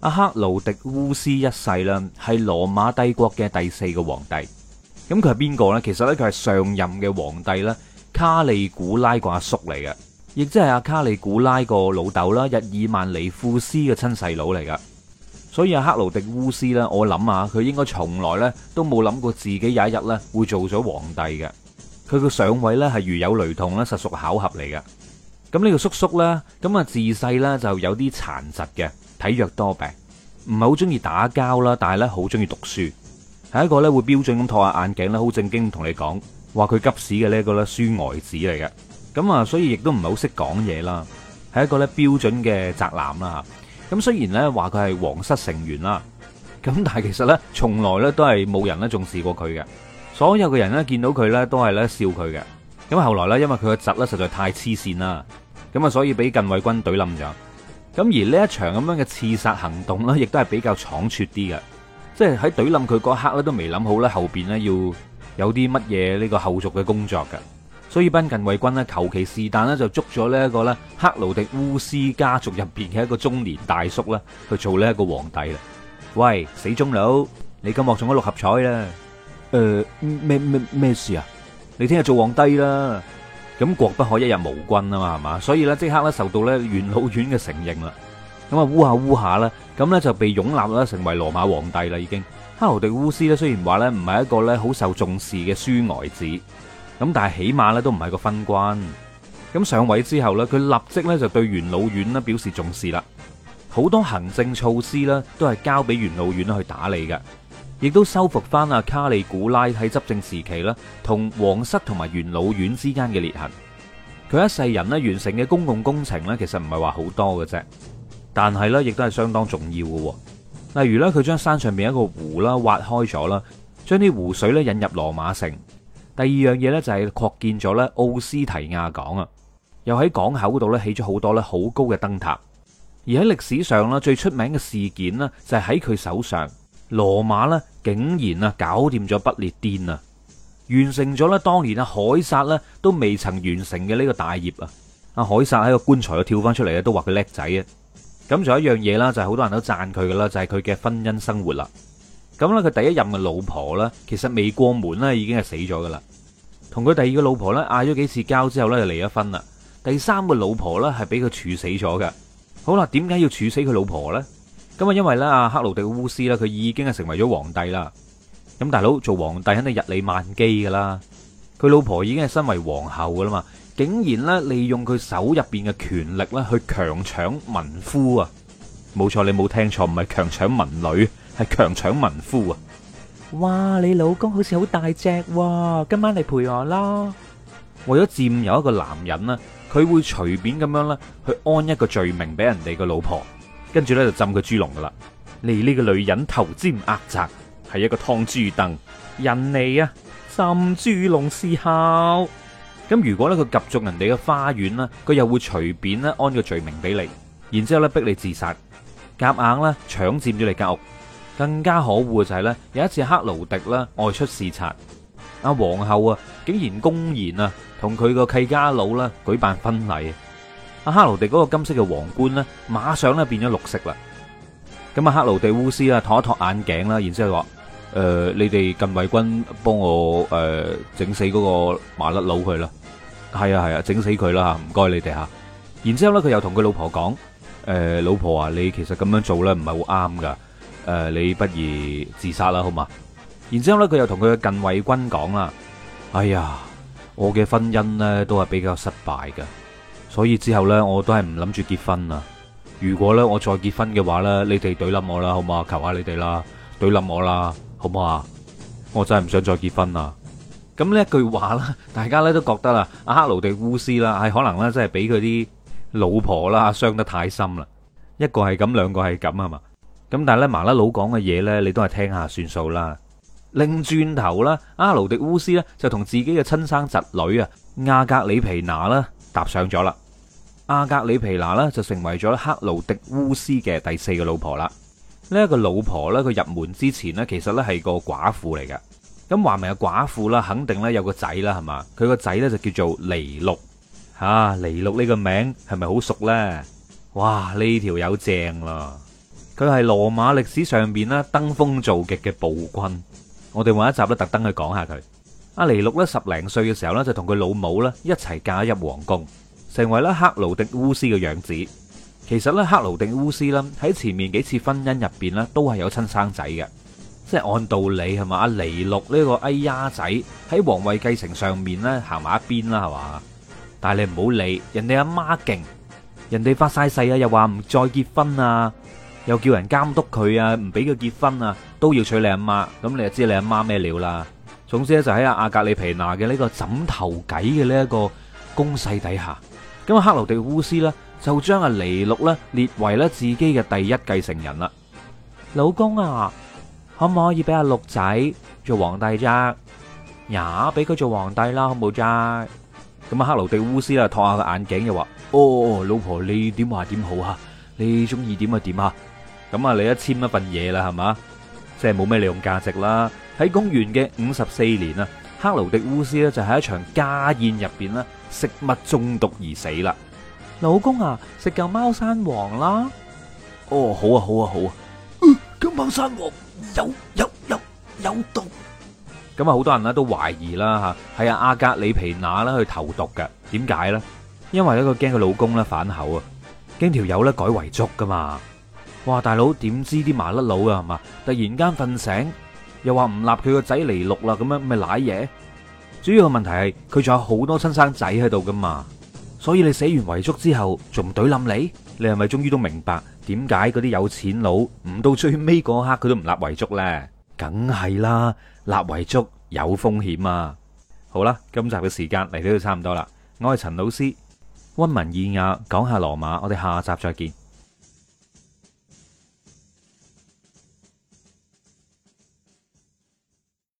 阿克勞狄烏斯一世啦，係羅馬帝國嘅第四個皇帝。咁佢係邊個呢？其實咧佢係上任嘅皇帝啦，卡利古拉個阿叔嚟嘅，亦即係阿卡利古拉個老豆啦，日耳曼尼庫斯嘅親細佬嚟噶。所以阿克勞狄烏斯呢，我諗啊，佢應該從來咧都冇諗過自己有一日咧會做咗皇帝嘅。佢個上位咧係如有雷同咧，實屬巧合嚟嘅。咁呢個叔叔呢，咁啊自細咧就有啲殘疾嘅，體弱多病。唔係好中意打交啦，但係咧好中意讀書，係一個咧會標準咁托下眼鏡咧，好正經同你講話佢急屎嘅呢一個咧書呆子嚟嘅，咁啊所以亦都唔係好識講嘢啦，係一個咧標準嘅宅男啦。咁雖然咧話佢係皇室成員啦，咁但係其實咧從來咧都係冇人咧重視過佢嘅，所有嘅人咧見到佢咧都係咧笑佢嘅。咁後來咧因為佢個侄咧實在太黐線啦，咁啊所以俾近衛軍隊冧咗。咁而呢一場咁樣嘅刺殺行動咧，亦都係比較倉促啲嘅，即係喺懟冧佢嗰刻咧都未諗好啦，後邊咧要有啲乜嘢呢個後續嘅工作嘅，所以班近衛軍呢，求其是但呢，就捉咗呢一個咧克勞狄烏斯家族入邊嘅一個中年大叔啦，去做呢一個皇帝啦。喂，死鍾佬，你今日中咗六合彩啦？誒、呃，咩咩咩事啊？你聽日做皇帝啦！咁國不可一日無君啊嘛，係嘛？所以咧即刻咧受到咧元老院嘅承認啦，咁啊烏下烏下啦，咁咧就被擁立啦，成為羅馬皇帝啦已經。克勞狄烏斯咧雖然話咧唔係一個咧好受重視嘅書呆子，咁但係起碼咧都唔係個昏君。咁上位之後咧，佢立即咧就對元老院咧表示重視啦，好多行政措施呢，都係交俾元老院去打理嘅。亦都修復翻啊卡利古拉喺執政時期啦，同皇室同埋元老院之間嘅裂痕。佢一世人咧完成嘅公共工程呢，其實唔係話好多嘅啫，但係呢亦都係相當重要嘅。例如呢，佢將山上邊一個湖啦挖開咗啦，將啲湖水咧引入羅馬城。第二樣嘢呢，就係擴建咗咧奧斯提亞港啊，又喺港口度呢起咗好多咧好高嘅燈塔。而喺歷史上呢，最出名嘅事件呢，就係喺佢手上。羅馬咧竟然啊搞掂咗不列顛啊，完成咗咧當年阿凱撒咧都未曾完成嘅呢個大業啊！阿凱撒喺個棺材度跳翻出嚟咧，都話佢叻仔啊！咁仲有一樣嘢啦，就係好多人都贊佢噶啦，就係佢嘅婚姻生活啦。咁咧佢第一任嘅老婆咧，其實未過門咧已經係死咗噶啦。同佢第二個老婆咧嗌咗幾次交之後咧就離咗婚啦。第三個老婆咧係俾佢處死咗噶。好啦，點解要處死佢老婆呢？咁啊，因為咧，阿克勞迪烏斯咧，佢已經係成為咗皇帝啦。咁大佬做皇帝肯定日理萬機噶啦。佢老婆已經係身為皇后噶啦嘛，竟然咧利用佢手入邊嘅權力咧去強搶民夫啊！冇錯，你冇聽錯，唔係強搶民女，係強搶民夫啊！哇，你老公好似好大隻喎，今晚嚟陪我啦！為咗佔有一個男人啦，佢會隨便咁樣咧去安一個罪名俾人哋嘅老婆。跟住呢，就浸佢豬籠噶啦，你呢個女人頭尖額窄，係一個劏豬凳，人嚟啊！浸豬籠伺候，咁如果呢，佢及中人哋嘅花園啦，佢又會隨便呢，安個罪名俾你，然之後呢逼你自殺，夾硬呢，搶佔咗你間屋，更加可惡就係、是、呢，有一次克勞狄啦外出視察，阿皇后啊竟然公然啊同佢個契家佬啦舉辦婚禮。阿克勞狄嗰個金色嘅皇冠咧，馬上咧變咗綠色啦。咁、呃呃、啊，克勞狄烏斯啦，托一托眼鏡啦，然之後話：，誒，你哋近衛軍幫我誒整死嗰個麻甩佬佢啦。係啊係啊，整死佢啦吓，唔該你哋吓。然之後咧，佢又同佢老婆講：，誒、呃，老婆啊，你其實咁樣做咧，唔係好啱噶。誒，你不如自殺啦，好嘛？然之後咧，佢又同佢嘅近衛軍講啦：，哎呀，我嘅婚姻咧都係比較失敗噶。所以之後呢，我都係唔諗住結婚啦。如果呢，我再結婚嘅話呢，你哋懟冧我啦，好嘛？求下你哋啦，懟冧我啦，好唔好啊？我真係唔想再結婚啦。咁呢、嗯、句話咧，大家咧都覺得啦，阿勞狄烏斯啦，係可能呢，真係俾佢啲老婆啦傷得太深啦，一個係咁，兩個係咁啊嘛。咁但係呢，麻甩佬講嘅嘢呢，你都係聽下算數啦。擰轉頭啦，阿勞狄烏斯呢，就同自己嘅親生侄女啊，亞格里皮娜啦。踏上咗啦，阿格里皮娜呢，就成為咗克勞狄烏斯嘅第四個老婆啦。呢、這、一個老婆呢，佢入門之前呢，其實呢係個寡婦嚟嘅。咁話明係寡婦啦，肯定呢有個仔啦，係嘛？佢個仔呢就叫做尼祿。吓、啊，尼祿呢個名係咪好熟呢？哇，呢條友正啦，佢係羅馬歷史上邊咧登峰造極嘅暴君。我哋下一集咧特登去講下佢。阿尼禄咧，十零歲嘅時候咧，就同佢老母咧一齊嫁入皇宮，成為咧克勞狄烏斯嘅養子。其實咧克勞狄烏斯咧喺前面幾次婚姻入邊咧都係有親生仔嘅，即係按道理係嘛？阿尼禄呢個哎呀仔喺皇位繼承上面咧，行埋一邊啦，係嘛？但係你唔好理人哋阿媽勁，人哋發晒誓啊，又話唔再結婚啊，又叫人監督佢啊，唔俾佢結婚啊，都要娶你阿媽，咁你就知你阿媽咩料啦。總之咧，就喺阿阿格里皮娜嘅呢個枕頭計嘅呢一個攻勢底下，咁啊克勞狄烏斯呢，就將阿尼禄呢列為咧自己嘅第一繼承人啦。老公啊，可唔可以俾阿六仔做皇帝啫？也俾佢做皇帝啦，好唔好啫？咁啊克勞狄烏斯啊，托下個眼鏡又話：哦，老婆你點話點好啊？你中意點就點啊！咁啊你一簽一份嘢啦，係嘛？即係冇咩利用價值啦。喺公元嘅五十四年啊，克勞狄烏斯咧就喺一場家宴入邊咧食物中毒而死啦。老公啊，食夠貓山王啦？哦，好啊，好啊，好啊！咁貓山王有有有有毒？咁啊，好多人咧都懷疑啦吓，係阿阿格里皮娜咧去投毒噶？點解咧？因為咧佢驚佢老公咧反口啊，驚條友咧改遺囑噶嘛？哇，大佬點知啲麻甩佬啊係嘛？突然間瞓醒。又話唔立佢個仔嚟錄啦，咁樣咪賴嘢？主要嘅問題係佢仲有好多親生仔喺度噶嘛，所以你寫完遺囑之後仲唔懟冧你，你係咪終於都明白點解嗰啲有錢佬唔到最尾嗰刻佢都唔立遺囑呢？梗係啦，立遺囑有風險啊！好啦，今集嘅時間嚟到都差唔多啦，我係陳老師，溫文爾雅講下羅馬，我哋下集再見。